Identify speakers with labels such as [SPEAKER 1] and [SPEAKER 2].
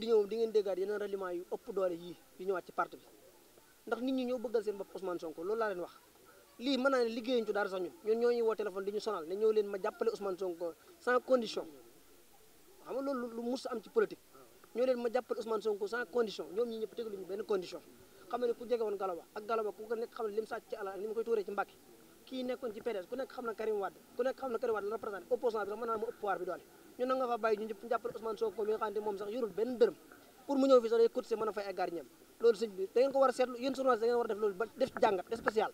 [SPEAKER 1] di ñëw di ngeen déggaat yeneen ralliement yu ëpp doole yii yu ñëwaat ci parti bi ndax nit ñi ñoo bëggal seen bopp Ousmane Sonko loolu laa leen wax lii mën naa ne liggéeyuñ ci dara sax ñun ñun ñoo ñuy woo téléphone di ñu sonal ne ñëw leen ma jàppale Ousmane Sonko sans condition xam nga loolu lu mus am ci politique ñoo leen ma jàppale Ousmane Sonko sans condition ñoom ñi ñëpp tegaluñu benn condition xam ne ku jege woon Galawa ak Galawa ku ko xam ne lim ci alal ak kii nekkoon ci PDS ku nekk xam na Karim Wade ku nekk xam na Karim Wade la représenté opposant bi sax mën naa mu bi doole ñun nag fa bàyyi ñu ñëpp jàppale Ousmane Sonko mi nga moom sax yorul benn dërëm pour mu ñëw fi sax day cotiser mën a fay ay garñeem loolu sëñ bi ko war a seetlu yéen journaliste da war def loolu def
[SPEAKER 2] ci jàngat